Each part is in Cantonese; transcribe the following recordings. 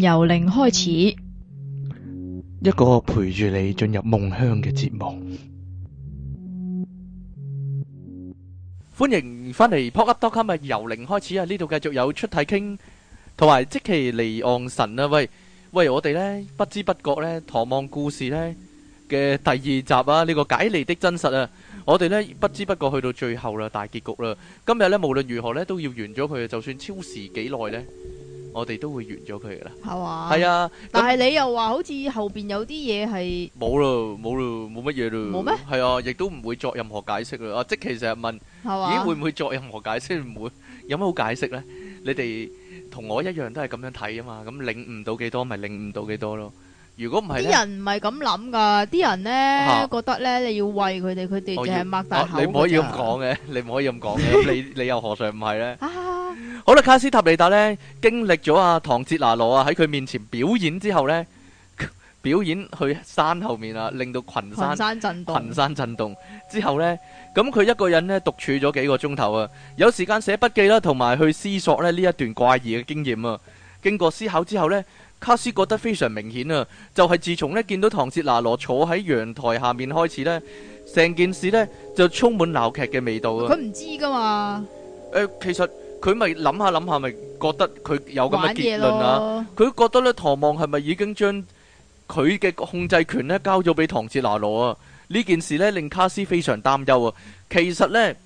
由零開始，一個陪住你進入夢鄉嘅節目。歡迎翻嚟 p o k Up Doctor 咪由零開始啊！呢度繼續有出體傾，同埋即期離岸神啊！喂喂，我哋呢，不知不覺呢，唐望故事呢嘅第二集啊！呢、這個解離的真實啊，我哋呢，不知不覺去到最後啦，大結局啦！今日呢，無論如何呢，都要完咗佢，就算超時幾耐呢。我哋都會完咗佢噶啦，係嘛？係啊，但係你又話好似後邊有啲嘢係冇咯，冇咯，冇乜嘢咯，冇咩？係啊，亦都唔會作任何解釋咯。啊，即其實問，咦會唔會作任何解釋？唔會，有咩好解釋咧？你哋同我一樣都係咁樣睇啊嘛。咁領悟到幾多咪領悟到幾多咯。如果唔係，啲人唔係咁諗噶，啲人咧覺得咧你要餵佢哋，佢哋就係擘大口。你唔可以咁講嘅，你唔可以咁講嘅，你你又何嘗唔係咧？好啦，卡斯塔尼達呢，經歷咗阿唐哲拿羅啊喺佢面前表演之後呢，表演去山後面啊，令到群山震動。群山震動之後呢，咁佢一個人呢，獨處咗幾個鐘頭啊，有時間寫筆記啦，同埋去思索咧呢一段怪異嘅經驗啊。經過思考之後呢，卡斯覺得非常明顯啊，就係自從呢見到唐哲拿羅坐喺陽台下面開始呢，成件事呢就充滿鬧劇嘅味道啊。佢唔知噶嘛？呃，其實。佢咪諗下諗下，咪覺得佢有咁嘅結論啊？佢覺得咧，唐望係咪已經將佢嘅控制權咧交咗俾唐哲拿羅啊？呢件事咧令卡斯非常擔憂啊！其實咧，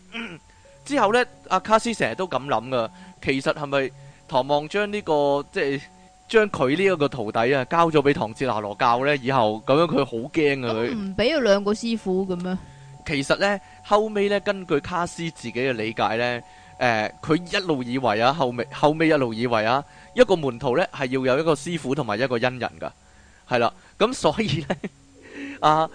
之後咧，阿卡斯成日都咁諗噶。其實係咪唐望將呢個即係將佢呢一個徒弟啊交咗俾唐哲拿羅教咧？以後咁樣佢好驚啊！佢唔俾佢兩個師父咁樣啊！其實咧，後尾咧，根據卡斯自己嘅理解咧。誒，佢一路以為啊，後尾後尾一路以為啊，一個門徒咧係要有一個師傅同埋一個恩人噶，係啦，咁所以咧，阿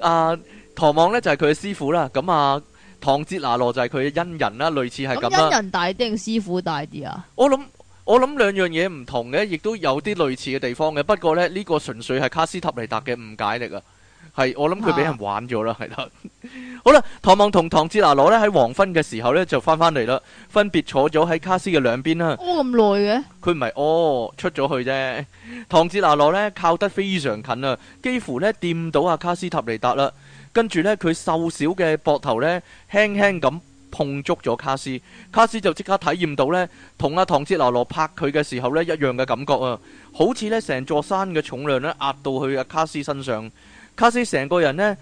阿唐望咧就係佢嘅師傅啦，咁啊唐哲拿羅就係佢嘅恩人啦，類似係咁啊。恩人大啲定師傅大啲啊？我諗我諗，兩樣嘢唔同嘅，亦都有啲類似嘅地方嘅，不過咧呢個純粹係卡斯塔尼達嘅誤解嚟噶。係，我諗佢俾人玩咗啦，係啦、啊。 好啦，唐望同唐哲拿羅咧喺黃昏嘅時候咧就翻返嚟啦，分別坐咗喺卡斯嘅兩邊啦。哦，咁耐嘅？佢唔係哦，出咗去啫。唐哲拿羅咧靠得非常近啊，幾乎咧掂到阿、啊、卡斯塔尼達啦。跟住咧，佢瘦小嘅膊頭咧輕輕咁碰觸咗卡斯，卡斯就即刻體驗到咧同阿唐哲拿羅拍佢嘅時候咧一樣嘅感覺啊，好似咧成座山嘅重量咧壓到去阿、啊、卡斯身上。卡斯成個人呢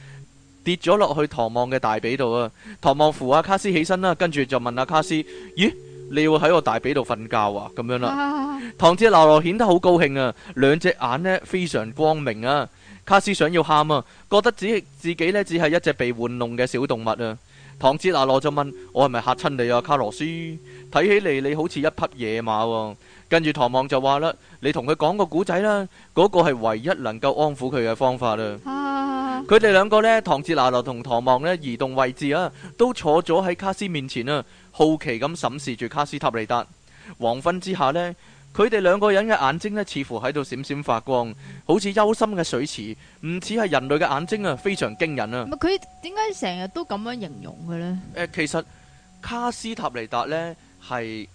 跌咗落去唐望嘅大髀度啊，唐望扶阿、啊、卡斯起身啦、啊，跟住就問阿、啊、卡斯：咦，你會喺我大髀度瞓覺啊？咁樣啦、啊， 唐哲娜羅顯得好高興啊，兩隻眼呢非常光明啊。卡斯想要喊啊，覺得只自,自己呢只係一隻被玩弄嘅小動物啊。唐哲娜羅就問：我係咪吓親你啊？卡羅斯，睇起嚟你好似一匹野馬喎、啊。跟住唐望就話啦，你同佢講個古仔啦，嗰個係唯一能夠安撫佢嘅方法啦。佢哋兩個呢，唐哲娜羅同唐望呢，移動位置啊，都坐咗喺卡斯面前啊，好奇咁審視住卡斯塔尼達。黃昏之下呢，佢哋兩個人嘅眼睛呢，似乎喺度閃閃發光，好似幽深嘅水池，唔似係人類嘅眼睛啊，非常驚人啊。佢點解成日都咁樣形容嘅呢？呃，其實卡斯塔尼達呢，係。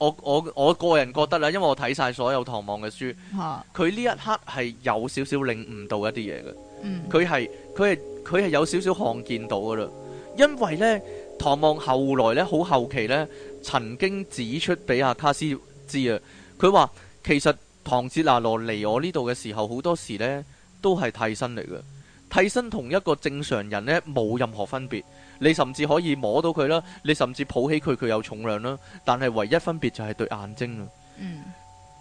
我我我個人覺得啦，因為我睇晒所有唐望嘅書，啊、佢呢一刻係有少少領悟到一啲嘢嘅，佢係佢係佢係有少少看見到嘅嘞。因為咧，唐望後來咧好後期咧，曾經指出俾阿卡斯知啊，佢話其實唐哲拿羅嚟我呢度嘅時候，好多時咧都係替身嚟嘅。替身同一個正常人呢，冇任何分別，你甚至可以摸到佢啦，你甚至抱起佢佢有重量啦，但係唯一分別就係對眼睛啦、啊。嗯，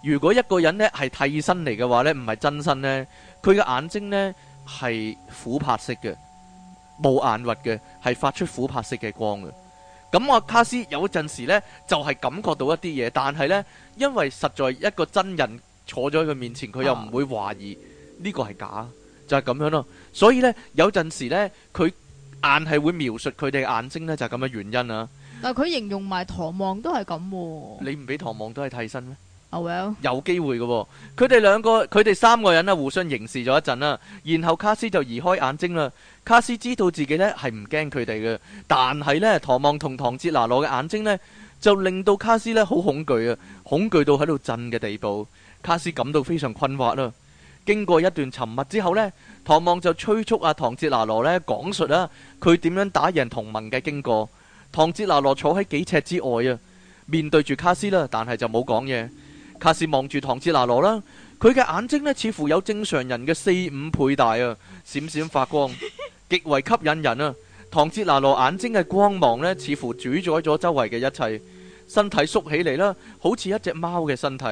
如果一個人呢係替身嚟嘅話呢，唔係真身呢，佢嘅眼睛呢係琥珀色嘅，冇眼核嘅，係發出琥珀色嘅光嘅。咁我卡斯有陣時呢，就係、是、感覺到一啲嘢，但係呢，因為實在一個真人坐咗喺佢面前，佢又唔會懷疑呢、啊、個係假，就係、是、咁樣咯、啊。所以咧，有陣時咧，佢硬係會描述佢哋眼睛咧，就係咁嘅原因啊。嗱，佢形容埋唐望都係咁啊。你唔俾唐望都係替身咩？Oh well，有機會嘅啊。佢哋兩個，佢哋三個人啊，互相凝視咗一陣啦。然後卡斯就移開眼睛啦。卡斯知道自己咧係唔驚佢哋嘅，但係咧，唐望同唐哲拿攞嘅眼睛呢，就令到卡斯咧好恐懼啊。恐懼到喺度震嘅地步。卡斯感到非常困惑啦。經過一段沉默之後呢，唐望就催促阿唐哲拿羅呢講述啦佢點樣打贏同盟嘅經過。唐哲拿羅坐喺幾尺之外啊，面對住卡斯啦，但係就冇講嘢。卡斯望住唐哲拿羅啦，佢嘅眼睛呢似乎有正常人嘅四五倍大啊，閃閃發光，極為吸引人啊。唐哲拿羅眼睛嘅光芒呢，似乎主宰咗周圍嘅一切，身體縮起嚟，啦好似一隻貓嘅身體。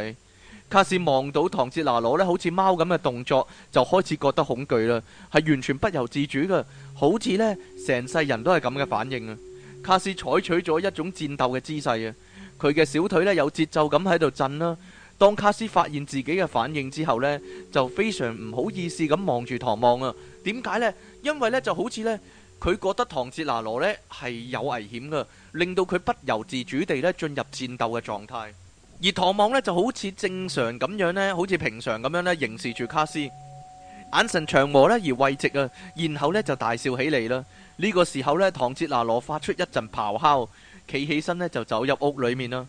卡斯望到唐切拿羅呢，好似貓咁嘅動作，就開始覺得恐懼啦。係完全不由自主嘅，好似呢成世人都係咁嘅反應啊！卡斯採取咗一種戰鬥嘅姿勢啊，佢嘅小腿呢有節奏咁喺度震啦。當卡斯發現自己嘅反應之後呢，就非常唔好意思咁望住唐望啊。點解呢？因為呢就好似呢，佢覺得唐切拿羅呢係有危險㗎，令到佢不由自主地呢進入戰鬥嘅狀態。而唐望呢就好似正常咁樣呢，好似平常咁樣呢，凝視住卡斯，眼神祥和呢，而慰藉啊，然後呢，就大笑起嚟啦。呢、這個時候呢，唐哲拿羅發出一陣咆哮，企起身呢，就走入屋裏面啦。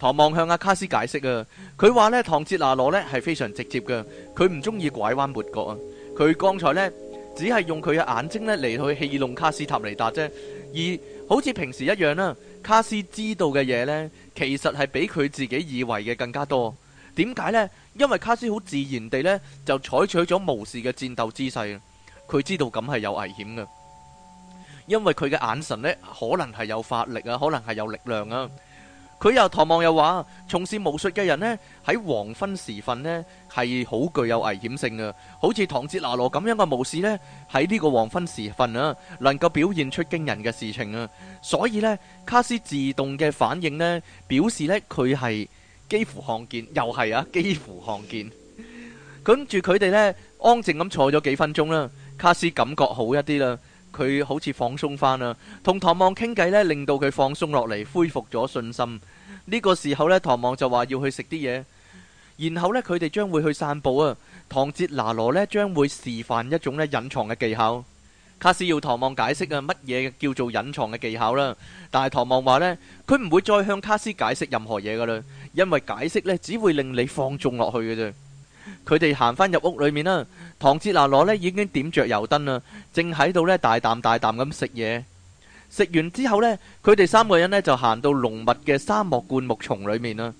唐望向阿、啊、卡斯解釋啊，佢話呢，唐哲拿羅呢係非常直接噶，佢唔中意拐彎抹角啊。佢剛才呢，只係用佢嘅眼睛呢嚟去戲弄卡斯塔尼達啫，而好似平時一樣啦。卡斯知道嘅嘢呢，其實係比佢自己以為嘅更加多，點解呢？因為卡斯好自然地呢，就採取咗無視嘅戰鬥姿勢，佢知道咁係有危險嘅，因為佢嘅眼神呢，可能係有法力啊，可能係有力量啊。佢又唐望又話，從事巫術嘅人呢，喺黃昏時分呢，係好具有危險性嘅，好似唐哲拿羅咁樣嘅巫師呢，喺呢個黃昏時分啊，能夠表現出驚人嘅事情啊，所以呢，卡斯自動嘅反應呢，表示呢，佢係幾乎看見，又係啊幾乎看見。跟住佢哋呢，安靜咁坐咗幾分鐘啦，卡斯感覺好一啲啦。佢好似放鬆翻啦，同唐望傾偈呢，令到佢放鬆落嚟，恢復咗信心。呢個時候呢，唐望就話要去食啲嘢，然後呢，佢哋將會去散步啊。唐哲拿羅呢，將會示範一種呢隱藏嘅技巧。卡斯要唐望解釋啊乜嘢叫做隱藏嘅技巧啦，但係唐望話呢，佢唔會再向卡斯解釋任何嘢噶啦，因為解釋呢，只會令你放縱落去嘅啫。佢哋行返入屋裏面啦，唐哲拿羅咧已經點着油燈啦，正喺度咧大啖大啖咁食嘢。食完之後咧，佢哋三個人咧就行到濃密嘅沙漠灌木叢裏面啦。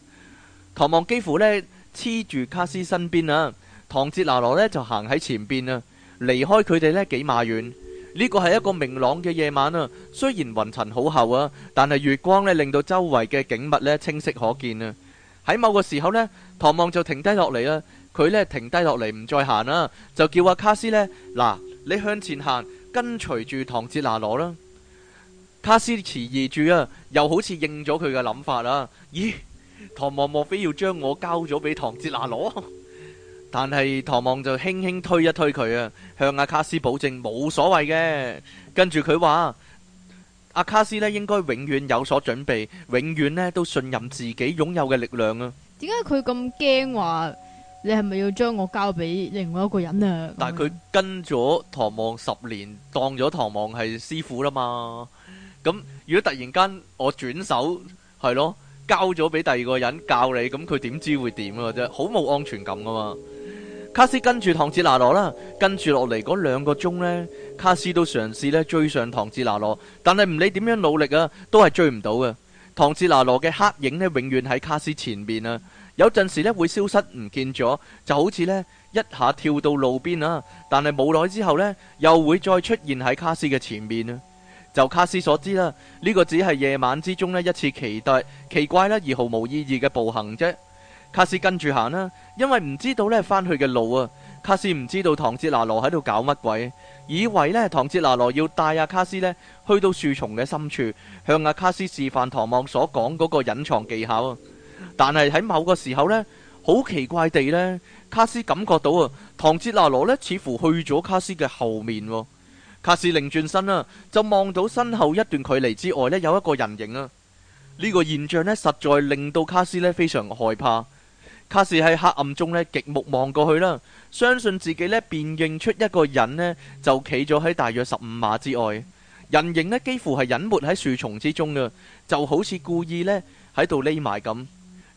唐望幾乎咧黐住卡斯身邊啊，唐哲拿羅咧就行喺前邊啊，離開佢哋咧幾碼遠。呢個係一個明朗嘅夜晚啊，雖然雲層好厚啊，但係月光咧令到周圍嘅景物咧清晰可見啊。喺某個時候咧，唐望就停低落嚟啦。佢呢停低落嚟唔再行啦，就叫阿卡斯呢嗱，你向前行，跟隨住唐哲娜羅啦。卡斯遲疑住啊，又好似應咗佢嘅諗法啦。咦，唐望莫非要將我交咗俾唐哲娜羅？但係唐望就輕輕推一推佢啊，向阿卡斯保證冇所謂嘅。跟住佢話阿卡斯呢應該永遠有所準備，永遠呢都信任自己擁有嘅力量啊。點解佢咁驚話？你係咪要將我交俾另外一個人啊？但係佢跟咗唐望十年，當咗唐望係師傅啦嘛。咁如果突然間我轉手，係咯，交咗俾第二個人教你，咁佢點知會點嘅啫？好冇安全感噶嘛。卡斯跟住唐智拿羅啦，跟住落嚟嗰兩個鐘咧，卡斯都嘗試咧追上唐智拿羅，但係唔理點樣努力啊，都係追唔到嘅。唐智拿羅嘅黑影咧，永遠喺卡斯前面啊。有陣時咧會消失唔見咗，就好似咧一下跳到路邊啊。但係冇耐之後呢，又會再出現喺卡斯嘅前面啊！就卡斯所知啦，呢、這個只係夜晚之中咧一次期待，奇怪啦而毫無意義嘅步行啫。卡斯跟住行啦，因為唔知道咧返去嘅路啊。卡斯唔知道唐哲拿羅喺度搞乜鬼，以為咧唐哲拿羅要帶阿、啊、卡斯咧去到樹叢嘅深處，向阿、啊、卡斯示範唐望所講嗰個隱藏技巧。但係喺某個時候呢，好奇怪地呢，卡斯感覺到啊，唐哲拿羅呢，似乎去咗卡斯嘅後面，哦。卡斯擰轉身啦，啊，就望到身後一段距離之外呢，有一個人形啊。呢、這個現象呢，實在令到卡斯呢非常害怕。卡斯喺黑暗中呢，極目望過去啦，相信自己呢，辨認出一個人呢，就企咗喺大約十五碼之外。人形呢，幾乎係隱沒喺樹叢之中啊，就好似故意呢，喺度匿埋咁。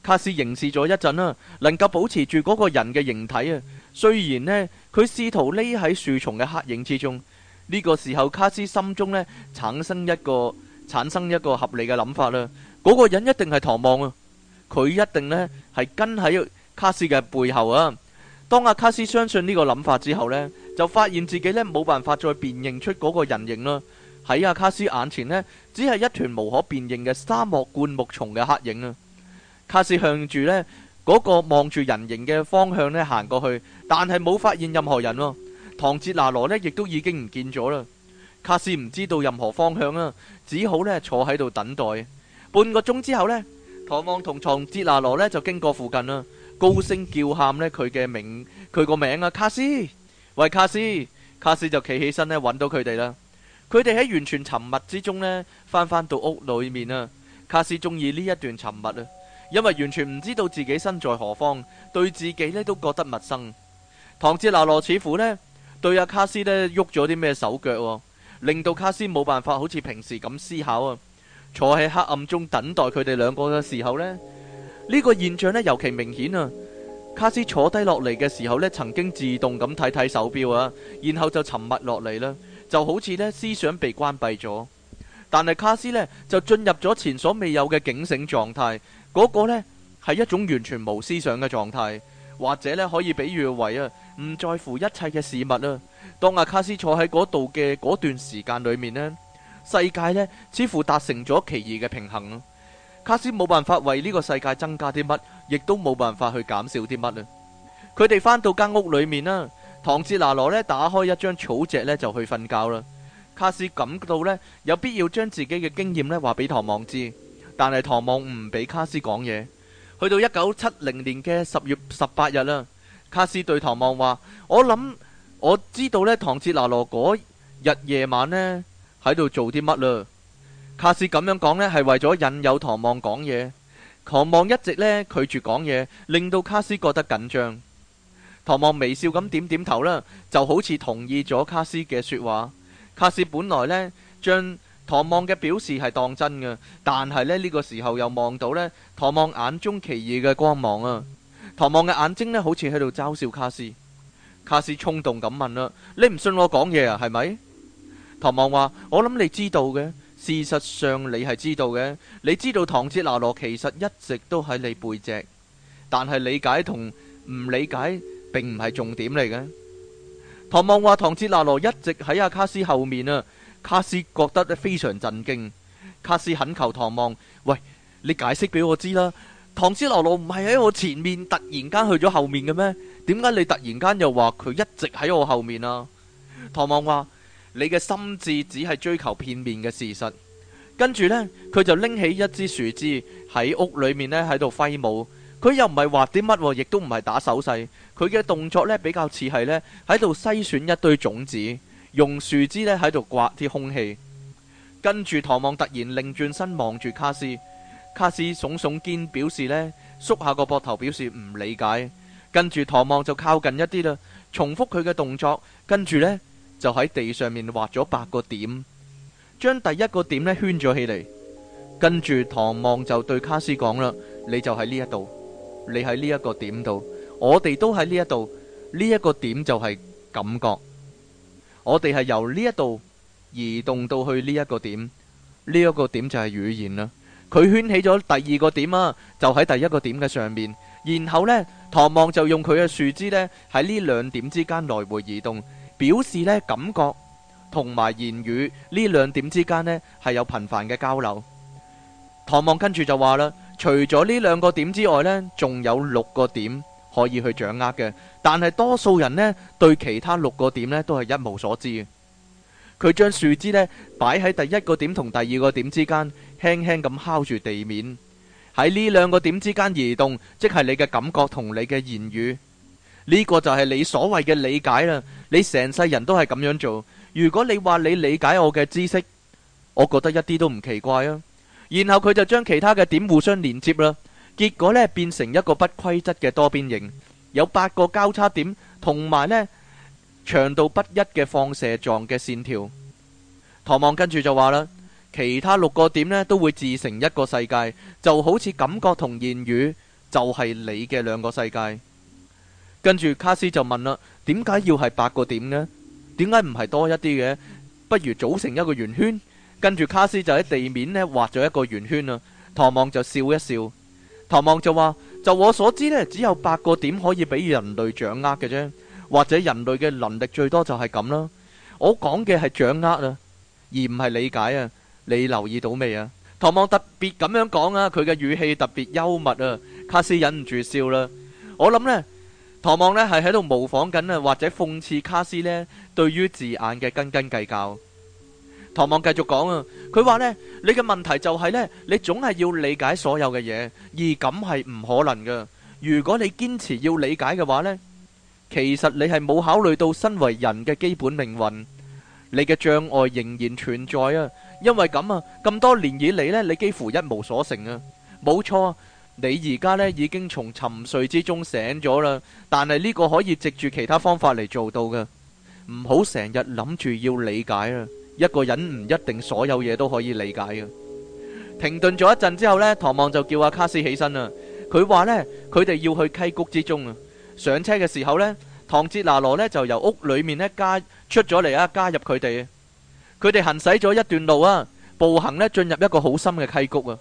卡斯凝視咗一陣啦，能夠保持住嗰個人嘅形體啊。雖然呢，佢試圖匿喺樹叢嘅黑影之中。呢個時候，卡斯心中呢產生一個產生一個合理嘅諗法啦。嗰個人一定係唐望啊，佢一定呢係跟喺卡斯嘅背後啊。當阿卡斯相信呢個諗法之後呢，就發現自己呢冇辦法再辨認出嗰個人形啦。喺阿卡斯眼前呢，只係一團無可辨認嘅沙漠灌木叢嘅黑影啊。卡斯向住呢嗰個望住人形嘅方向呢行過去，但係冇發現任何人咯。唐哲拿羅呢亦都已經唔見咗啦。卡斯唔知道任何方向啊，只好呢坐喺度等待。半個鐘之後呢，唐望同唐哲拿羅呢就經過附近啦，高聲叫喊呢佢嘅名佢個名啊！卡斯，喂卡斯，卡斯就企起身呢，搵到佢哋啦。佢哋喺完全沉默之中呢，翻返到屋裏面啊。卡斯中意呢一段沉默啊。因為完全唔知道自己身在何方，對自己咧都覺得陌生。唐哲那羅似乎咧對阿、啊、卡斯咧喐咗啲咩手腳、啊，令到卡斯冇辦法好似平時咁思考啊。坐喺黑暗中等待佢哋兩個嘅時候呢，呢、呢個現象咧尤其明顯啊。卡斯坐低落嚟嘅時候咧，曾經自動咁睇睇手錶啊，然後就沉默落嚟啦,就好似咧思想被關閉咗。但係卡斯咧就進入咗前所未有嘅警醒狀態。嗰個呢，係一種完全無思想嘅狀態，或者呢，可以比喻為啊唔在乎一切嘅事物啦。當阿卡斯坐喺嗰度嘅嗰段時間裏面呢，世界呢，似乎達成咗奇異嘅平衡啊。卡斯冇辦法為呢個世界增加啲乜，亦都冇辦法去減少啲乜啊。佢哋返到間屋裏面啦，唐哲拿羅呢，打開一張草蓆呢，就去瞓覺啦。卡斯感到呢，有必要將自己嘅經驗呢話俾唐望知。但係唐望唔俾卡斯講嘢，去到一九七零年嘅十月十八日啦，卡斯對唐望話：「我諗我知道咧，唐杰拿羅嗰日夜晚呢喺度做啲乜嘞。」卡斯咁樣講呢係為咗引誘唐望講嘢。唐望一直咧拒絕講嘢，令到卡斯覺得緊張。唐望微笑咁點點頭啦，就好似同意咗卡斯嘅說話。卡斯本來呢將。將唐望嘅表示係當真嘅，但係呢，呢、呢個時候又望到呢唐望眼中奇異嘅光芒啊！唐望嘅眼睛呢，好似喺度嘲笑卡斯。卡斯衝動咁問啦、啊：，你唔信我講嘢啊？係咪？唐望話：，望我諗你知道嘅，事實上你係知道嘅，你知道唐杰拿羅其實一直都喺你背脊，但係理解同唔理解並唔係重點嚟嘅。望唐望話：，唐杰拿羅一直喺阿、啊、卡斯後面啊！卡斯覺得非常震驚，卡斯懇求唐望：，喂，你解釋俾我知啦！唐之羅羅唔係喺我前面突然間去咗後面嘅咩？點解你突然間又話佢一直喺我後面啊？唐望話：，你嘅心智只係追求片面嘅事實。跟住呢，佢就拎起一支樹枝喺屋裏面呢，喺度揮舞，佢又唔係畫啲乜，亦都唔係打手勢，佢嘅動作呢，比較似係呢，喺度篩選一堆種子。用樹枝咧喺度刮啲空氣，跟住唐望突然擰轉身望住卡斯，卡斯聳聳肩表示呢縮下個膊頭，表示唔理解。跟住唐望就靠近一啲啦，重複佢嘅動作，跟住呢，就喺地上面畫咗八個點，將第一個點呢圈咗起嚟。跟住唐望就對卡斯講啦：你就喺呢一度，你喺呢一個點度，我哋都喺呢一度，呢一個點就係感覺。我哋係由呢一度移動到去呢一個點，呢一個點就係語言啦。佢圈起咗第二個點啊，就喺第一個點嘅上面。然後呢，唐望就用佢嘅樹枝呢喺呢兩點之間來回移動，表示呢感覺同埋言語呢兩點之間呢係有頻繁嘅交流。唐望跟住就話啦，除咗呢兩個點之外呢，仲有六個點。可以去掌握嘅，但係多數人呢，對其他六個點呢，都係一無所知。佢將樹枝呢擺喺第一個點同第二個點之間，輕輕咁敲住地面，喺呢兩個點之間移動，即係你嘅感覺同你嘅言語。呢個就係你所謂嘅理解啦。你成世人都係咁樣做。如果你話你理解我嘅知識，我覺得一啲都唔奇怪啊。然後佢就將其他嘅點互相連接啦。結果呢，變成一個不規則嘅多邊形，有八個交叉點，同埋呢長度不一嘅放射狀嘅線條。唐望跟住就話啦，其他六個點呢，都會自成一個世界，就好似感覺同言語就係你嘅兩個世界。跟住卡斯就問啦，點解要係八個點呢？點解唔係多一啲嘅？不如組成一個圓圈。跟住卡斯就喺地面呢畫咗一個圓圈啦。唐望就笑一笑。唐望就話，就我所知呢，只有八個點可以俾人類掌握嘅啫，或者人類嘅能力最多就係咁啦。我講嘅係掌握啊，而唔係理解啊。你留意到未啊？唐望特別咁樣講啊，佢嘅語氣特別幽默啊。卡斯忍唔住笑啦。我諗呢，唐望呢係喺度模仿緊啊，或者諷刺卡斯呢對於字眼嘅斤斤計較。唐望繼續講啊，佢話呢，你嘅問題就係呢：你總係要理解所有嘅嘢，而咁係唔可能噶。如果你堅持要理解嘅話呢，其實你係冇考慮到身為人嘅基本命運，你嘅障礙仍然存在啊。因為咁啊，咁多年以嚟呢，你幾乎一無所成啊。冇錯，你而家呢已經從沉睡之中醒咗啦，但係呢個可以藉住其他方法嚟做到噶。唔好成日諗住要理解啊。一個人唔一定所有嘢都可以理解嘅。停頓咗一陣之後呢，唐望就叫阿卡斯起身啦、啊。佢話呢，佢哋要去溪谷之中啊。上車嘅時候呢，唐哲拿羅呢就由屋裏面呢加出咗嚟啊，加入佢哋。佢哋行駛咗一段路啊，步行呢進入一個好深嘅溪谷啊。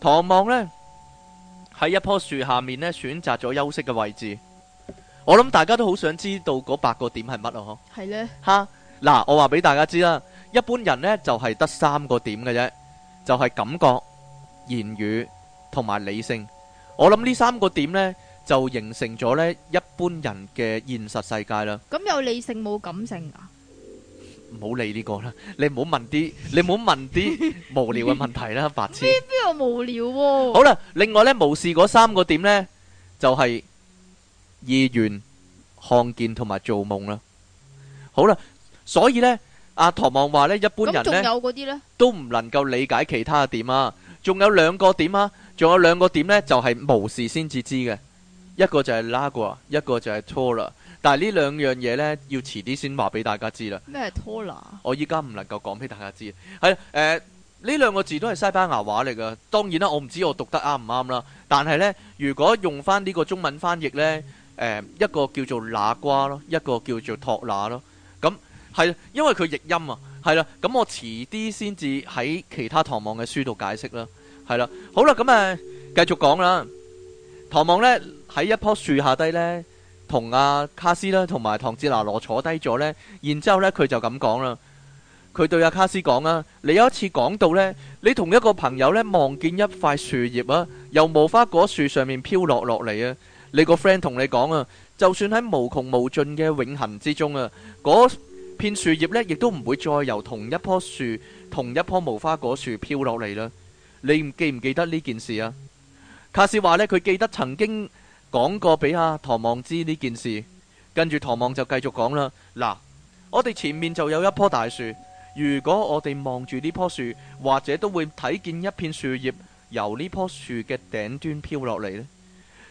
唐望呢喺一棵樹下面呢選擇咗休息嘅位置。我諗大家都好想知道嗰八個點係乜啊？嗬呢。係咧。吓，嗱，我話俾大家知啦。一般人呢就係得三個點嘅啫，就係感覺、言語同埋理性。我諗呢三個點呢就形成咗呢一般人嘅現實世界啦。咁有理性冇感性啊？唔好理呢個啦，你唔好問啲，你唔好問啲無聊嘅問題啦，白痴。邊邊個無聊喎？好啦，另外呢巫士嗰三個點呢就係意願、看見同埋做夢啦。好啦，所以呢。阿、啊、唐望話咧，一般人咧都唔能夠理解其他點啊，仲有兩個點啊，仲有兩個點咧，就係、是、無事先至知嘅，嗯、一個就係那瓜，一個就係拖啦。但係呢兩樣嘢咧，要遲啲先話俾大家知啦。咩係拖啦？我依家唔能夠講俾大家知。係誒，呢兩個字都係西班牙話嚟噶。當然啦，我唔知我讀得啱唔啱啦。但係咧，如果用翻呢個中文翻譯咧，誒、呃、一個叫做那瓜咯，一個叫做托拿咯。係，因為佢譯音啊，係啦。咁我遲啲先至喺其他唐望嘅書度解釋啦。係啦、啊，好啦，咁、嗯、啊，繼續講啦。唐望呢，喺一棵樹下低呢，同阿、啊、卡斯啦，同埋、啊、唐志拿羅坐低咗呢。然之後咧佢就咁講啦。佢對阿卡斯講啊，你有一次講到呢，你同一個朋友呢望見一塊樹葉啊，由無花果樹上面飄落落嚟啊，你個 friend 同你講啊，就算喺無窮無盡嘅永恆之中啊，嗰片樹葉呢，亦都唔會再由同一棵樹、同一棵無花果樹飄落嚟啦。你唔記唔記得呢件事啊？卡斯話呢，佢記得曾經講過俾阿唐望知呢件事。跟住唐望就繼續講啦。嗱，我哋前面就有一棵大樹，如果我哋望住呢棵樹，或者都會睇見一片樹葉由呢棵樹嘅頂端飄落嚟呢。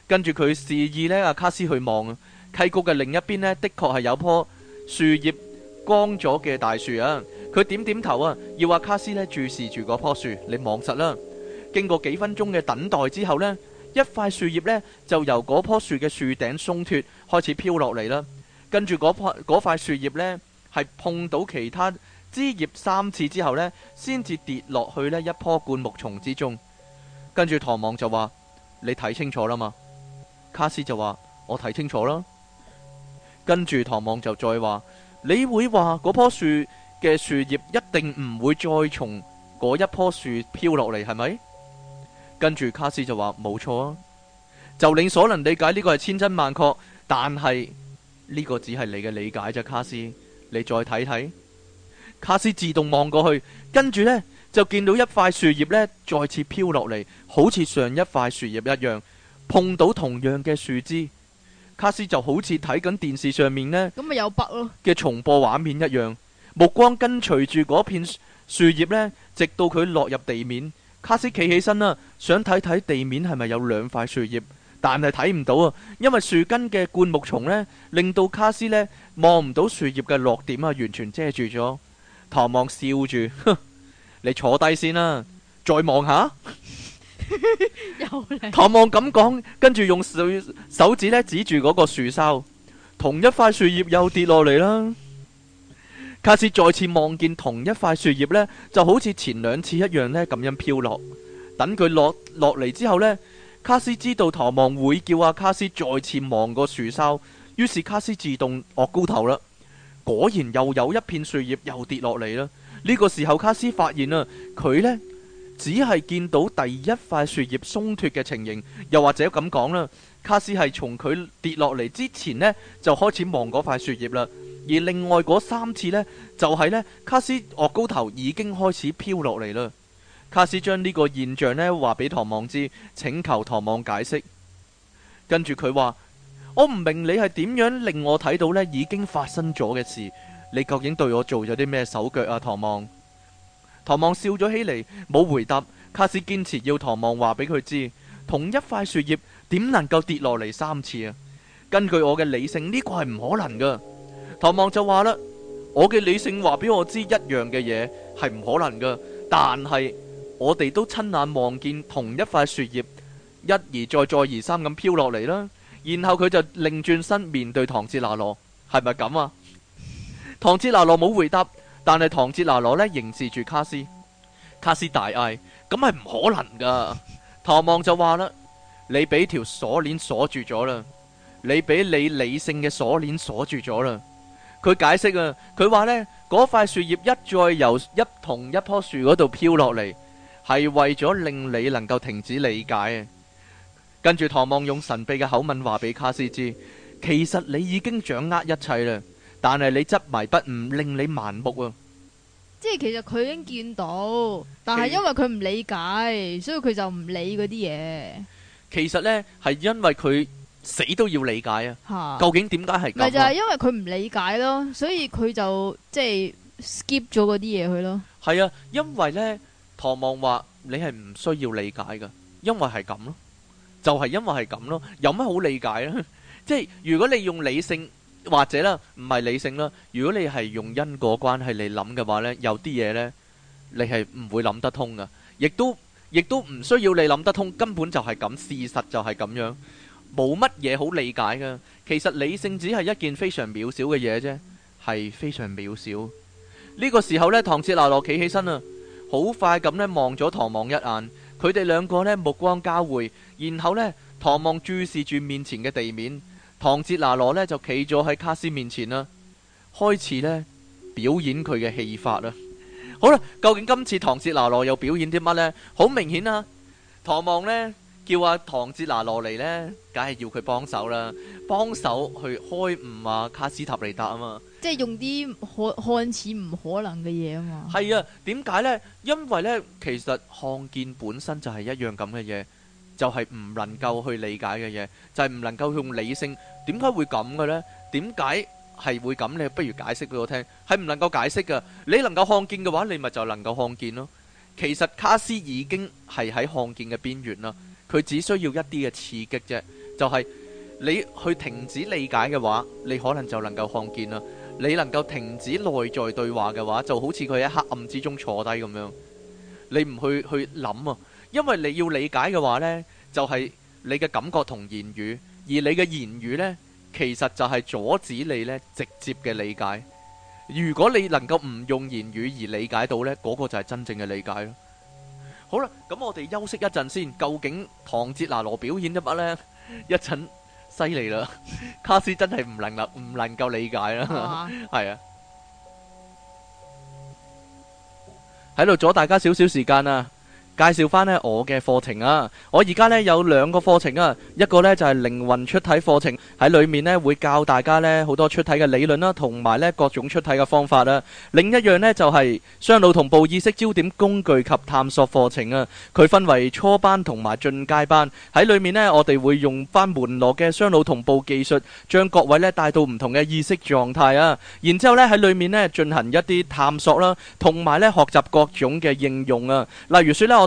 跟住佢示意呢，阿、啊、卡斯去望啊。溪谷嘅另一邊呢，的確係有棵樹葉。光咗嘅大樹啊，佢點點頭啊，要阿卡斯咧注視住嗰棵樹，你望實啦。經過幾分鐘嘅等待之後咧，一塊樹葉咧就由嗰棵樹嘅樹頂鬆脫，開始飄落嚟啦。跟住嗰塊嗰塊樹葉咧係碰到其他枝葉三次之後咧，先至跌落去呢一棵灌木叢之中。跟住唐望就話：你睇清楚啦嘛？卡斯就話：我睇清楚啦。跟住唐望就再話。你會話嗰棵樹嘅樹葉一定唔會再從嗰一棵樹飄落嚟，係咪？跟住卡斯就話，冇錯啊，就你所能理解呢個係千真萬確，但係呢個只係你嘅理解啫，卡斯。你再睇睇。卡斯自動望過去，跟住呢，就見到一塊樹葉呢再次飄落嚟，好似上一塊樹葉一樣，碰到同樣嘅樹枝。卡斯就好似睇緊電視上面呢，咪有筆囉嘅重播畫面一樣，目光跟隨住嗰片樹葉呢，直到佢落入地面。卡斯企起身啦，想睇睇地面係咪有兩塊樹葉，但係睇唔到啊，因為樹根嘅灌木叢呢，令到卡斯呢望唔到樹葉嘅落點啊，完全遮住咗。唐望笑住：，哼，你坐低先啦、啊，再望下。 唐望咁講，跟住 用手，手指咧指住嗰個樹梢，同一塊樹葉又跌落嚟啦。卡斯再次望見同一塊樹葉呢，就好似前兩次一樣呢咁樣飄落。等佢落落嚟之後呢，卡斯知道唐望會叫阿、啊、卡斯再次望個樹梢，於是卡斯自動岳高頭啦。果然又有一片樹葉又跌落嚟啦。呢、呢個時候卡斯發現啦，佢呢。只係見到第一塊樹葉鬆脫嘅情形，又或者咁講啦，卡斯係從佢跌落嚟之前呢，就開始望嗰塊樹葉啦。而另外嗰三次呢，就係呢，卡斯岳高頭已經開始飄落嚟啦。卡斯將呢個現象呢，話俾唐望知，請求唐望解釋。跟住佢話：我唔明你係點樣令我睇到呢已經發生咗嘅事？你究竟對我做咗啲咩手腳啊，唐望？唐望笑咗起嚟，冇回答。卡斯堅持要唐望話俾佢知，同一塊樹葉點能夠跌落嚟三次啊？根據我嘅理性，呢個係唔可能噶。唐望就話啦，我嘅理性話俾我知，一樣嘅嘢係唔可能噶。但係我哋都親眼望見同一塊樹葉一而再、再而三咁飄落嚟啦。然後佢就擰轉身面對唐哲娜羅，係咪咁啊？唐哲娜羅冇回答。但係唐哲拿羅咧，凝視住卡斯，卡斯大嗌：咁係唔可能噶！唐望就話啦：你俾條鎖鏈鎖住咗啦，你俾你理性嘅鎖鏈鎖住咗啦。佢解釋啊，佢話呢，嗰塊樹葉一再由一同一棵樹嗰度飄落嚟，係為咗令你能夠停止理解。跟住唐望用神秘嘅口吻話俾卡斯知，其實你已經掌握一切啦。但係你執迷不悟，令你盲目啊。即係其實佢已經見到，但係因為佢唔理解，所以佢就唔理嗰啲嘢。其實呢係因為佢死都要理解啊。吓，究竟點解係咁？咪就係因為佢唔理解咯，所以佢就即係 skip 咗嗰啲嘢去咯。係啊，因為呢，唐望話你係唔需要理解噶，因為係咁咯，就係因為係咁咯，有乜好理解呢？即係如果你用理性。或者啦，唔係理性啦，如果你係用因果關係嚟諗嘅話呢，有啲嘢呢，你係唔會諗得通噶，亦都亦都唔需要你諗得通，根本就係咁，事實就係咁樣，冇乜嘢好理解噶。其實理性只係一件非常渺小嘅嘢啫，係非常渺小。呢個時候呢，唐哲拿羅企起身啦，好快咁呢望咗唐望一眼，佢哋兩個呢目光交匯，然後呢，唐望注視住面前嘅地面。唐哲拿羅咧就企咗喺卡斯面前啦，開始咧表演佢嘅戲法啦。 好啦，究竟今次唐哲拿羅又表演啲乜呢？好明顯啊，唐望咧叫阿、啊、唐哲拿羅嚟咧，梗係要佢幫手啦，幫手去開悟啊卡斯塔尼達啊嘛，即係用啲看似唔可能嘅嘢啊嘛。係 啊，點解呢？因為呢，其實看見本身就係一樣咁嘅嘢。就係唔能夠去理解嘅嘢，就係、是、唔能夠用理性。點解會咁嘅呢？點解係會咁呢？不如解釋俾我聽。係唔能夠解釋㗎。你能夠看見嘅話，你咪就，就能夠看見咯。其實卡斯已經係喺看見嘅邊緣啦。佢只需要一啲嘅刺激啫。就係、是、你去停止理解嘅話，你可能就能夠看見啦。你能夠停止內在對話嘅話，就好似佢喺黑暗之中坐低咁樣。你唔去去諗啊！因為你要理解嘅話咧，就係你嘅感覺同言語，而你嘅言語咧，其實就係阻止你咧直接嘅理解。如果你能夠唔用言語而理解到咧，嗰個就係真正嘅理解咯。好啦，咁我哋休息一陣先。究竟唐哲拿羅表演乜咧，一陣犀利啦。卡斯真係唔能啦，唔能夠理解啦。係啊，喺度阻大家少少時間啊！介紹翻呢我嘅課程啊！我而家呢有兩個課程啊，一個呢就係靈魂出體課程，喺裡面呢會教大家呢好多出體嘅理論啦，同埋呢各種出體嘅方法啦。另一樣呢就係雙腦同步意識焦點工具及探索課程啊。佢分為初班同埋進階班，喺裡面呢我哋會用翻門羅嘅雙腦同步技術，將各位呢帶到唔同嘅意識狀態啊。然之後呢喺裡面呢進行一啲探索啦，同埋呢學習各種嘅應用啊。例如説呢我。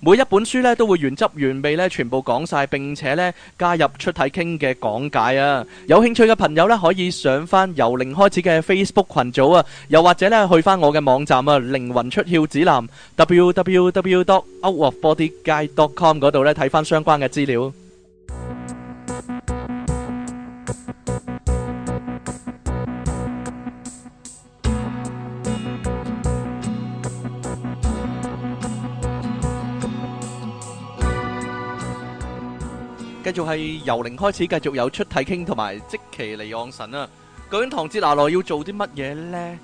每一本書咧都會原汁原味咧全部講晒，並且咧加入出體傾嘅講解啊！有興趣嘅朋友咧可以上翻由零開始嘅 Facebook 群組啊，又或者咧去翻我嘅網站啊靈魂出竅指南 www.outofbodyguide.com 嗰度咧睇翻相關嘅資料。繼續係由零開始，繼續有出體傾同埋即其嚟昂神啊！究竟唐哲拿羅要做啲乜嘢呢？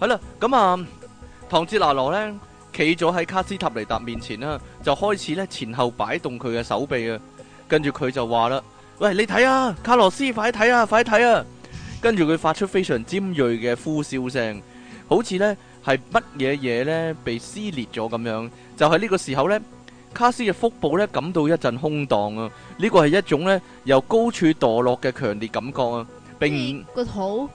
係啦，咁啊，唐哲拿羅呢企咗喺卡斯塔尼達面前啦，啊，就開始呢，前後擺動佢嘅手臂啊！跟住佢就話啦：喂，你睇啊，卡洛斯，快睇啊，快睇啊！跟住佢發出非常尖銳嘅呼嘯聲，好似呢係乜嘢嘢呢？被撕裂咗咁樣。就喺、是、呢個時候呢。卡斯嘅腹部咧感到一陣空蕩啊，呢個係一種咧由高處墮落嘅強烈感覺啊，並個肚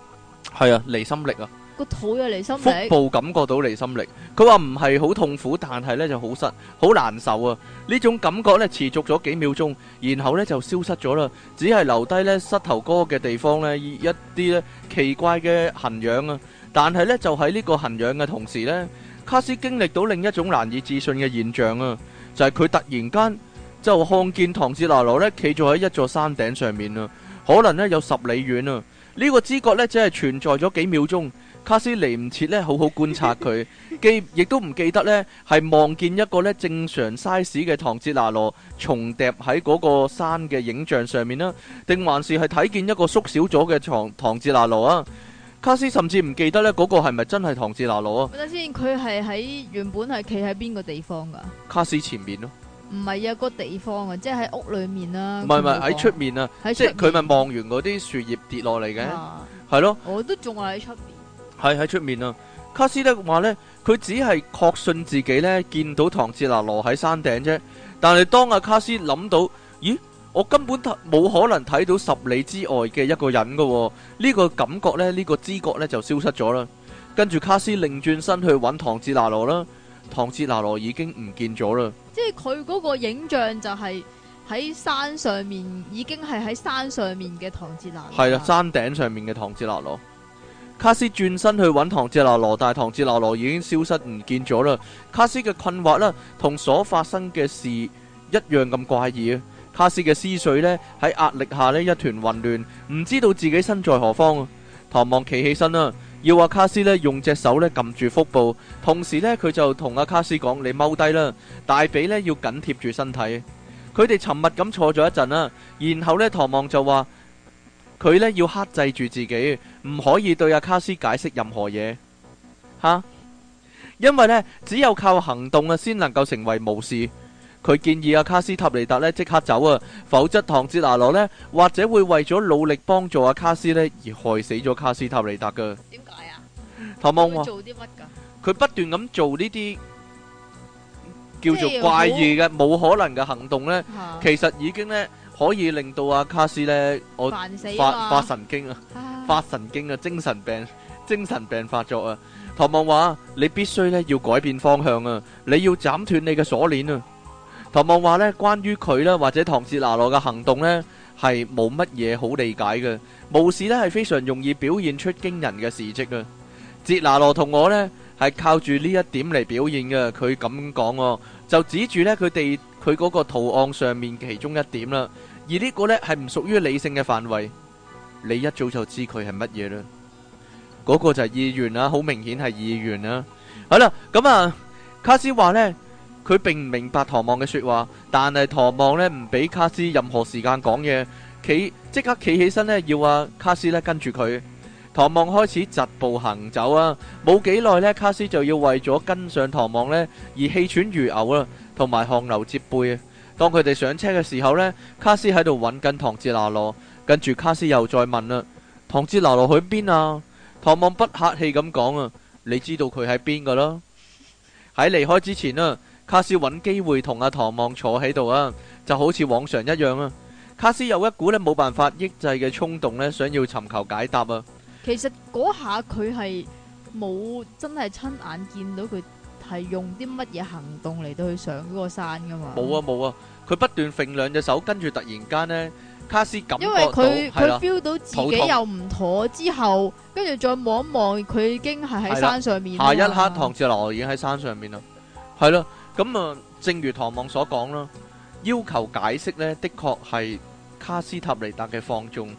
係啊離心力啊個肚又離心力，腹部感覺到離心力。佢話唔係好痛苦，但係咧就好失好難受啊。呢種感覺咧持續咗幾秒鐘，然後咧就消失咗啦，只係留低咧膝頭哥嘅地方咧一啲咧奇怪嘅痕癢啊。但係咧就喺呢個痕癢嘅同時咧，卡斯經歷到另一種難以置信嘅現象啊。就係佢突然間就看見唐捷拿羅咧，企咗喺一座山頂上面啦，可能咧有十里遠啊！呢、呢個知覺咧只係存在咗幾秒鐘，卡斯嚟唔切咧，好好觀察佢， 記亦都唔記得咧係望見一個咧正常 size 嘅唐捷拿羅重疊喺嗰個山嘅影像上面啦、啊，定還是係睇見一個縮小咗嘅唐唐捷拿羅啊？卡斯甚至唔記得咧，嗰、嗰個係咪真係唐哲娜羅啊？等先，佢係喺原本係企喺邊個地方噶？卡斯前面咯、啊，唔係啊、嗰個地方啊，即係喺屋裏面啦、啊。唔係唔係喺出面啊？面即係佢咪望完嗰啲樹葉跌落嚟嘅，係、啊、咯？我都仲話喺出面，係喺出面啊！卡斯咧話咧，佢只係確信自己咧見到唐哲娜羅喺山頂啫，但係當阿、啊、卡斯諗到，咦？我根本冇可能睇到十里之外嘅一個人嘅呢、哦呢個感覺呢，呢、呢個知覺呢，就消失咗啦。跟住卡斯擰轉，轉身去揾唐哲娜羅啦，唐哲娜羅已經唔見咗啦。即係佢嗰個影像就係喺山上面，已經係喺山上面嘅唐哲娜羅。係啦，山頂上面嘅唐哲娜羅。卡斯轉身去揾唐哲娜羅，但係唐哲娜羅已經消失唔見咗啦。卡斯嘅困惑啦，同所發生嘅事一樣咁怪異啊！卡斯嘅思緒咧喺壓力下咧一團混亂，唔知道自己身在何方。唐望企起身啦，要阿卡斯咧用隻手咧撳住腹部，同時咧佢就同阿卡斯講：你踎低啦，大髀咧要緊貼住身體。佢哋沉默咁坐咗一陣啦，然後咧唐望就話：佢咧要克制住自己，唔可以對阿卡斯解釋任何嘢，吓，因為咧只有靠行動啊，先能夠成為巫士。佢建議阿卡斯塔尼達咧即刻走啊，否則唐哲拿羅咧或者會為咗努力幫助阿卡斯咧而害死咗卡斯塔尼達嘅。點解啊？唐望話做啲乜噶？佢不斷咁做呢啲叫做怪異嘅冇可能嘅行動咧，其實已經咧可以令到阿卡斯咧我發發神經啊，發神經啊，精神病精神病發作啊。唐望話：你必須咧要改變方向啊，你要斬斷你嘅鎖鏈啊！唐望話咧，關於佢咧或者唐哲拿羅嘅行動咧，係冇乜嘢好理解嘅。巫師咧係非常容易表現出驚人嘅事跡嘅。哲拿羅同我咧係靠住呢一點嚟表現嘅。佢咁講哦，就指住咧佢哋佢嗰個圖案上面其中一點啦。而呢個咧係唔屬於理性嘅範圍。你一早就知佢係乜嘢啦。嗰個就係意願啦，好明顯係意願啦。好啦，咁啊，卡斯話咧。佢並唔明白唐望嘅說話，但係唐望呢唔俾卡斯任何時間講嘢，企即刻企起身呢，要阿卡斯呢跟住佢。唐望開始疾步行走啊，冇幾耐呢，卡斯就要為咗跟上唐望呢而氣喘如牛啊，同埋汗流浹背。啊。當佢哋上車嘅時候呢，卡斯喺度揾緊唐哲拿羅，跟住卡斯又再問啦：唐哲拿羅去邊啊？唐望不客氣咁講啊，你知道佢喺邊噶咯。喺離開之前呢。卡斯揾機會同阿唐望坐喺度啊，就好似往常一樣啊！卡斯有一股咧冇辦法抑制嘅衝動呢想要尋求解答啊！其實嗰下佢係冇真係親眼見到佢係用啲乜嘢行動嚟到去上嗰個山噶嘛？冇啊冇啊！佢、啊、不斷揈兩隻手，跟住突然間呢卡斯咁因為佢佢 feel 到自己又唔妥之後，跟住痛再望一望，佢已經係喺山上面。下一刻，吧唐哲羅已經喺山上面啦，係咯。咁啊、嗯，正如唐望所講啦，要求解釋呢，的確係卡斯塔尼達嘅放縱、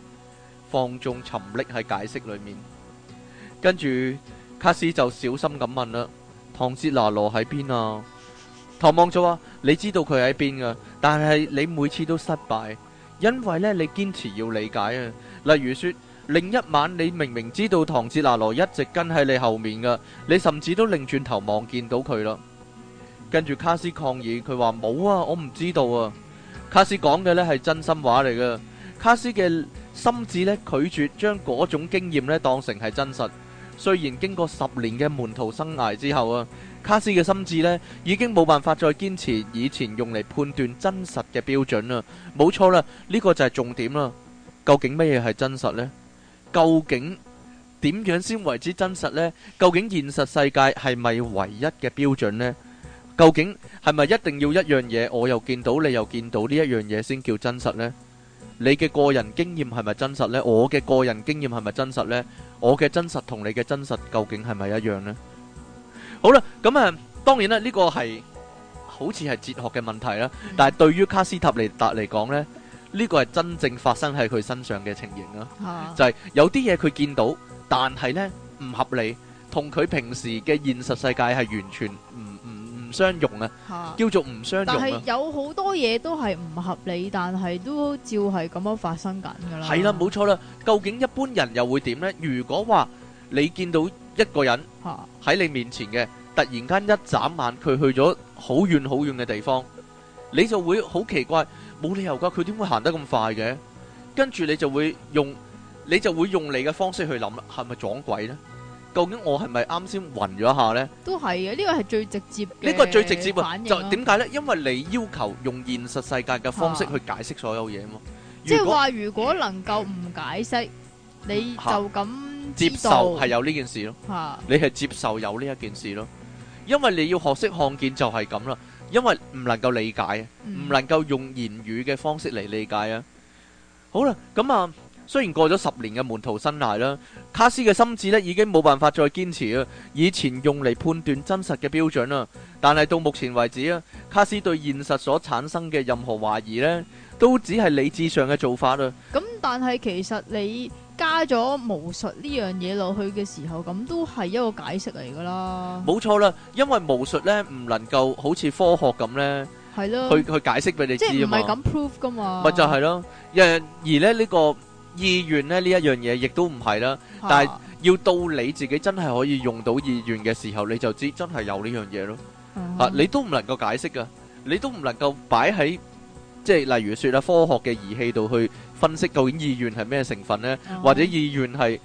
放縱沉溺喺解釋裏面。跟住卡斯就小心咁問啦：唐哲拿羅喺邊啊？唐望就話：你知道佢喺邊噶，但係你每次都失敗，因為呢，你堅持要理解啊。例如說，另一晚你明明知道唐哲拿羅一直跟喺你後面噶，你甚至都擰轉頭望見到佢啦。跟住卡斯抗議，佢話，冇啊，我唔知道啊。卡斯講嘅呢係真心話嚟嘅。卡斯嘅心智咧，拒絕將嗰種經驗咧當成係真實。雖然經過十年嘅門徒生涯之後啊，卡斯嘅心智咧已經冇辦法再堅持以前用嚟判斷真實嘅標準啦。冇錯啦，呢個就係重點啦。究竟乜嘢係真實呢？究竟點樣先為之真實呢？究竟現實世界係咪唯一嘅標準呢？究竟係咪一定要一樣嘢，我又見到你又見到呢一樣嘢，先叫真實呢？你嘅個人經驗係咪真實呢？我嘅個人經驗係咪真實呢？我嘅真實同你嘅真實究竟係咪一樣呢？好啦，咁啊，當然啦，呢個係好似係哲學嘅問題啦。但係對於卡斯塔尼達嚟講呢，呢個係真正發生喺佢身上嘅情形啦，就係有啲嘢佢見到，但係呢唔合理，同佢平時嘅現實世界係完全唔唔相容啊，叫做唔相容。但係有好多嘢都係唔合理，但係都照係咁樣發生緊噶啦。係啦，冇錯啦。究竟一般人又會點呢？如果話你見到一個人喺你面前嘅，突然間一眨眼佢去咗好遠好遠嘅地方，你就會好奇怪，冇理由噶，佢點會行得咁快嘅？跟住你就會用，你就會用你嘅方式去諗啦，係咪撞鬼呢？究竟我係咪啱先暈咗下呢？都係嘅，呢個係最直接嘅。呢個最直接嘅。就點解呢？因為你要求用現實世界嘅方式去解釋所有嘢啊嘛。即係話如果能夠唔解釋，你就咁接受係有呢件事咯。吓，你係接受有呢一件事咯。因為你要學識看見就係咁啦。因為唔能夠理解，唔能夠用言語嘅方式嚟理解啊。好啦，咁啊。雖然過咗十年嘅門徒生涯啦，卡斯嘅心智咧已經冇辦法再堅持啊。以前用嚟判斷真實嘅標準啦，但係到目前為止啊，卡斯對現實所產生嘅任何懷疑咧，都只係理智上嘅做法啊。咁但係其實你加咗巫術呢樣嘢落去嘅時候，咁都係一個解釋嚟噶啦。冇錯啦，因為巫術咧唔能夠好似科學咁咧，係咯，去去解釋俾你知，即係唔係咁 proof 噶嘛？咪就係咯，而而咧呢個。意願呢，呢一樣嘢，亦都唔係啦。但係要到你自己真係可以用到意願嘅時候，你就知真係有呢樣嘢咯。啊，你都唔能夠解釋噶，你都唔能夠擺喺即係，例如說啊，科學嘅儀器度去分析究竟意願係咩成分呢，或者意願係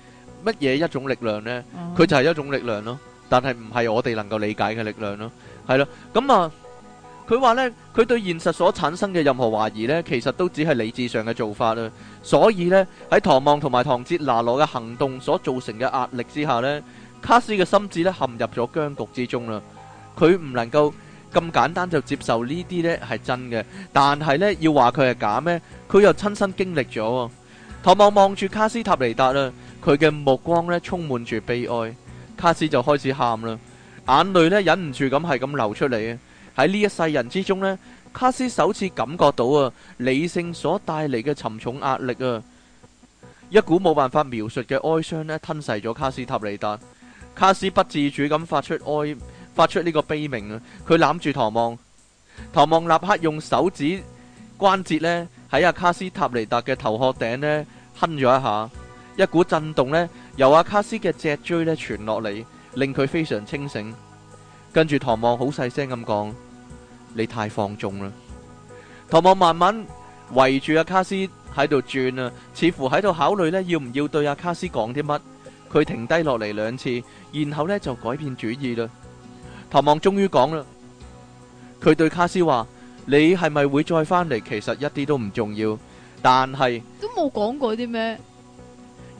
乜嘢一種力量呢？佢就係一種力量咯，但係唔係我哋能夠理解嘅力量咯，係咯咁啊。佢話呢，佢對現實所產生嘅任何懷疑呢，其實都只係理智上嘅做法啦。所以呢，喺唐望同埋唐哲拿羅嘅行動所造成嘅壓力之下呢，卡斯嘅心智呢陷入咗僵局之中啦。佢唔能夠咁簡單就接受呢啲呢係真嘅，但係呢要話佢係假咩？佢又親身經歷咗喎。唐望望住卡斯塔尼達啦，佢嘅目光呢充滿住悲哀。卡斯就開始喊啦，眼淚呢忍唔住咁係咁流出嚟啊！喺呢一世人之中呢，卡斯首次感覺到啊，理性所帶嚟嘅沉重壓力啊，一股冇辦法描述嘅哀傷呢，吞噬咗卡斯塔尼達。卡斯不自主咁發出哀，發出呢個悲鳴啊！佢攬住唐望，唐望立刻用手指關節呢喺阿、啊、卡斯塔尼達嘅頭殼頂呢哼咗一下，一股震動呢由阿、啊、卡斯嘅脊椎呢傳落嚟，令佢非常清醒。跟住唐望好細聲咁講。你太放縱啦！唐望慢慢圍住阿卡斯喺度轉啦、啊，似乎喺度考慮咧，要唔要對阿、啊、卡斯講啲乜？佢停低落嚟兩次，然後呢就改變主意啦。唐望終於講啦，佢對卡斯話：你係咪會再返嚟？其實一啲都唔重要，但係都冇講過啲咩。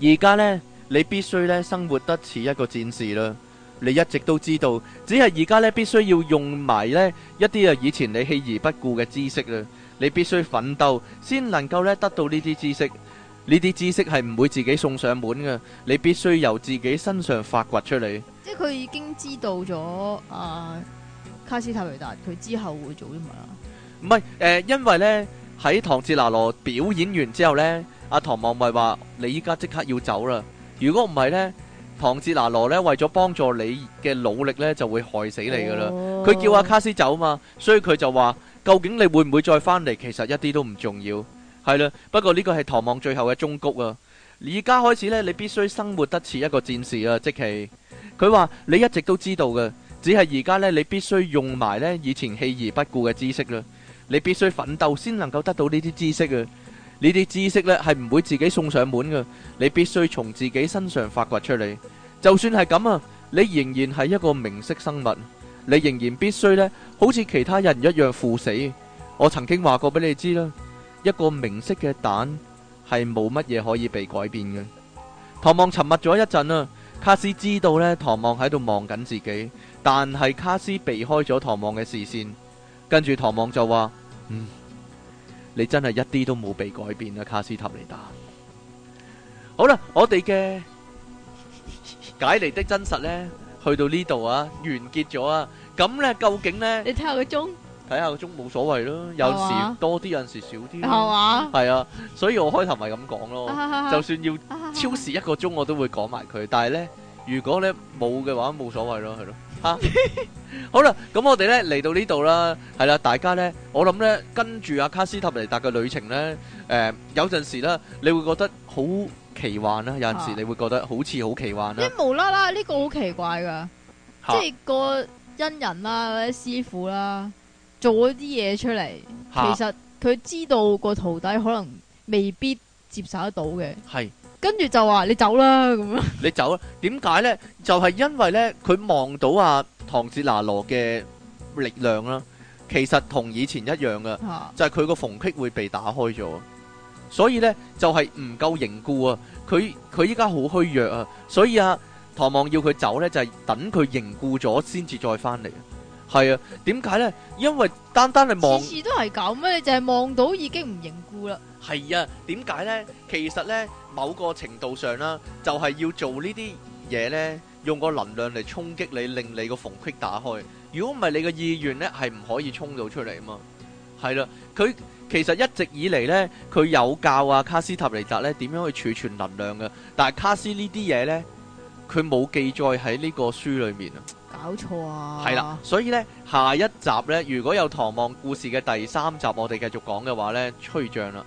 而家呢，你必須咧，生活得似一個戰士啦。你一直都知道，只係而家咧必須要用埋咧一啲啊以前你棄而不顧嘅知識啦，你必須奮鬥先能夠咧得到呢啲知識，呢啲知識係唔會自己送上門噶，你必須由自己身上發掘出嚟。即係佢已經知道咗阿、啊、卡斯塔維達佢之後會做啲乜啦？唔係誒，因為呢，喺唐哲拿羅表演完之後呢，阿、啊、唐望咪話你依家即刻要走啦，如果唔係呢。」唐捷拿羅咧，為咗幫助你嘅努力咧，就會害死你噶啦。佢叫阿卡斯走嘛，所以佢就話：究竟你會唔會再翻嚟？其實一啲都唔重要。係啦，不過呢個係唐望最後嘅忠告啊！而家開始咧，你必須生活得似一個戰士啊，即係佢話你一直都知道嘅，只係而家呢，你必須用埋呢以前棄而不顧嘅知識啦。你必須奮鬥先能夠得到呢啲知識啊！呢啲知識咧係唔會自己送上門嘅，你必須從自己身上發掘出嚟。就算係咁啊，你仍然係一個明識生物，你仍然必須呢，好似其他人一樣赴死。我曾經話過俾你知啦，一個明識嘅蛋係冇乜嘢可以被改變嘅。唐望沉默咗一陣啊，卡斯知道呢，唐望喺度望緊自己，但係卡斯避開咗唐望嘅視線，跟住唐望就話：嗯。你真係一啲都冇被改變啊！卡斯塔尼達，好啦，我哋嘅解離的真實咧，去到呢度啊，完結咗啊！咁咧究竟咧？你睇下個鐘，睇下個鐘冇所謂咯。有時多啲，有時少啲，係嘛？係啊，所以我開頭咪咁講咯。就算要超時一個鐘，我都會講埋佢。但係咧，如果咧冇嘅話，冇所謂咯，係咯。 好啦，咁、嗯、我哋咧嚟到呢度啦，係啦，大家咧，我諗咧跟住阿卡斯塔尼達嘅旅程咧，誒、呃，有陣時咧你，你會覺得好奇幻啦，有陣時你會覺得好似好奇幻啦，即係無啦啦呢個好奇怪㗎，即係個恩人啦、啊、或者師傅啦、啊、做咗啲嘢出嚟，其實佢知道個徒弟可能未必接受得到嘅。啊啊、係跟住就話你走啦咁，你走啦？點解咧？就係因為咧，佢望到阿唐哲拿羅嘅力量啦，其實同以前一樣噶，就係佢個縫隙會被打開咗，所以咧就係唔夠凝固啊！佢佢依家好虛弱啊！所以阿唐望要佢走咧，就係等佢凝固咗先至再翻嚟。係啊？點解咧？因為單單係望次次都係咁啊！你就係望到已經唔凝固啦。係啊？點解咧？其實咧。某個程度上啦，就係要做呢啲嘢咧，用個能量嚟衝擊你，令你個縫隙打開。如果唔係，你個意願咧係唔可以衝到出嚟啊嘛。係啦，佢其實一直以嚟咧，佢有教啊卡斯塔尼達咧點樣去儲存能量嘅。但係卡斯呢啲嘢咧，佢冇記載喺呢個書裏面啊。搞錯啊！係啦，所以咧下一集咧，如果有《唐望故事》嘅第三集，我哋繼續講嘅話咧，吹脹啦。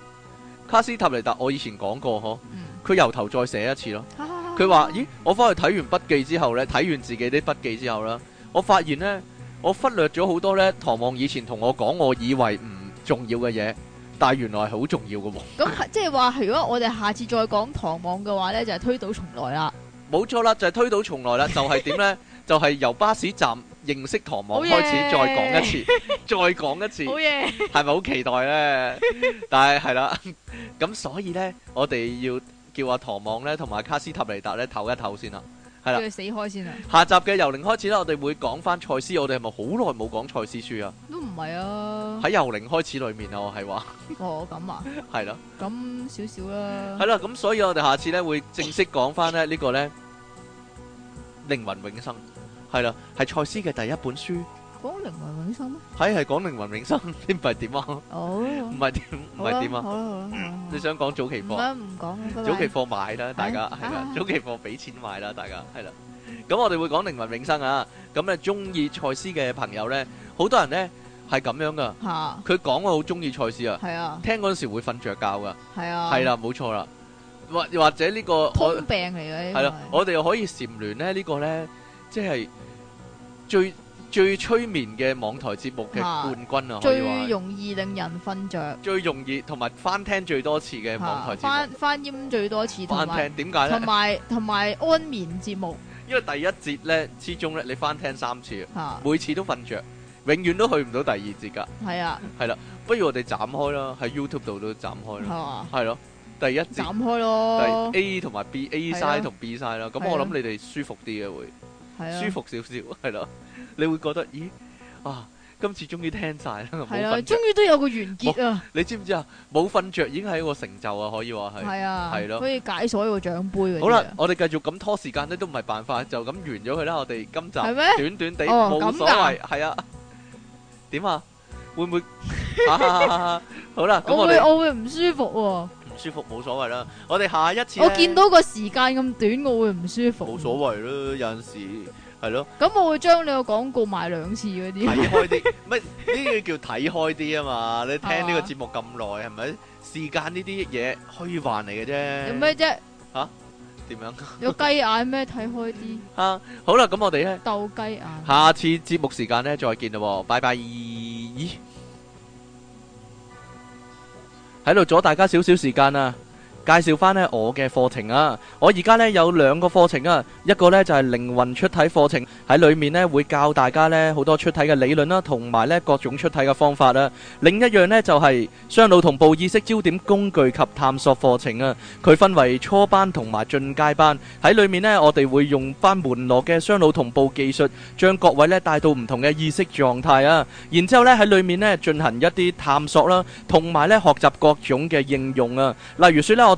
卡斯塔尼達，我以前講過呵，佢、嗯、由頭再寫一次咯。佢話說：咦，我翻去睇完筆記之後咧，睇完自己啲筆記之後啦，我發現咧，我忽略咗好多咧。唐望以前同我講，我以為唔重要嘅嘢，但係原來係好重要嘅喎。咁即係話，如果我哋下次再講唐望嘅話咧，就係、是、推倒重來啦。冇錯啦，就係、是、推倒重來啦，就係點咧？ 就係由巴士站，認識唐望開始，oh、yeah! 再講一次， 再講一次，係咪好期待呢？ 但係係啦，咁所以呢，我哋要叫阿唐望呢同埋、啊、卡斯塔尼達呢唞一唞先啦。係啦，死開先啦。下集嘅由零開始啦，我哋會講翻賽斯，我哋係咪好耐冇講賽斯書啊？都唔係啊。喺由零開始裏面啊，我係話。哦，咁啊。係啦 了。咁少少啦。係啦，咁所以我哋下次呢會正式講翻呢呢個呢靈魂永生。係啦，係賽斯嘅第一本書。講靈魂永生咩？喺係講靈魂永生，啲唔係點啊？好，唔係點？唔係點啊？你想講早期貨？唔講早期貨買啦，大家係啦。早期貨俾錢買啦，大家係啦。咁我哋會講靈魂永生啊。咁咧，中意賽斯嘅朋友咧，好多人咧係咁樣噶。嚇！佢講我好中意賽斯啊。係啊。聽嗰陣時會瞓着覺噶。係啊。係啦，冇錯啦。或或者呢個通病嚟嘅。係啦。我哋又可以蟬聯咧，呢個咧即係。最最催眠嘅網台節目嘅冠軍啊，最容易令人瞓着，最容易同埋翻聽最多次嘅網台節目，翻翻音最多次，翻聽點解咧？同埋同埋安眠節目，因為第一節咧始終咧，你翻聽三次，每次都瞓着，永遠都去唔到第二節噶。係啊，係啦，不如我哋斬開啦，喺 YouTube 度都斬開啦，係咯，第一節斬開咯，A 同埋 B，A side 同 B side 啦。咁我諗你哋舒服啲嘅會。對舒服少少，係咯，你會覺得，咦，啊，今次終於聽晒啦，冇瞓着。係啊，終於都有個完結啊！你知唔知啊？冇瞓着已經係一個成就啊，可以話係。係啊了，係咯，可以解鎖一個獎盃。好啦，我哋繼續咁拖時間咧，都唔係辦法，就咁完咗佢啦。我哋今集嗎短短地冇、哦、所謂，係啊？點 啊？會唔會？好啦，咁我我會唔舒服？舒服冇所謂啦，我哋下一次我見到個時間咁短，我會唔舒服。冇所謂 咯，有陣時係咯。咁我會將你個廣告埋兩次嗰啲。睇開啲，咩呢個叫睇開啲啊嘛？你聽呢個節目咁耐，係咪時間呢啲嘢虛幻嚟嘅啫？有咩啫？吓？點樣？有雞眼咩？睇開啲。吓，好啦，咁我哋咧鬥雞眼。下次節目時間咧再見啦，拜拜。咦？喺度阻大家少少時間啊！介紹翻呢，我嘅課程啊，我而家呢有兩個課程啊，一個呢就係靈魂出體課程，喺裏面呢會教大家呢好多出體嘅理論啦，同埋呢各種出體嘅方法啦。另一樣呢就係雙腦同步意識焦點工具及探索課程啊，佢分為初班同埋進階班，喺裏面呢我哋會用翻門羅嘅雙腦同步技術，將各位呢帶到唔同嘅意識狀態啊，然之後呢喺裏面呢進行一啲探索啦，同埋呢學習各種嘅應用啊，例如說呢我。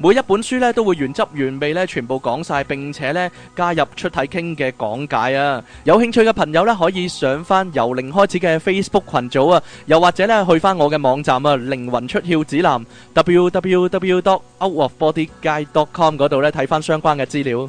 每一本書咧都會原汁原味咧全部講晒，並且咧加入出體傾嘅講解啊！有興趣嘅朋友咧可以上翻由零開始嘅 Facebook 群組啊，又或者咧去翻我嘅網站啊，靈魂出竅指南 www.outofbodyguide.com 嗰度咧睇翻相關嘅資料。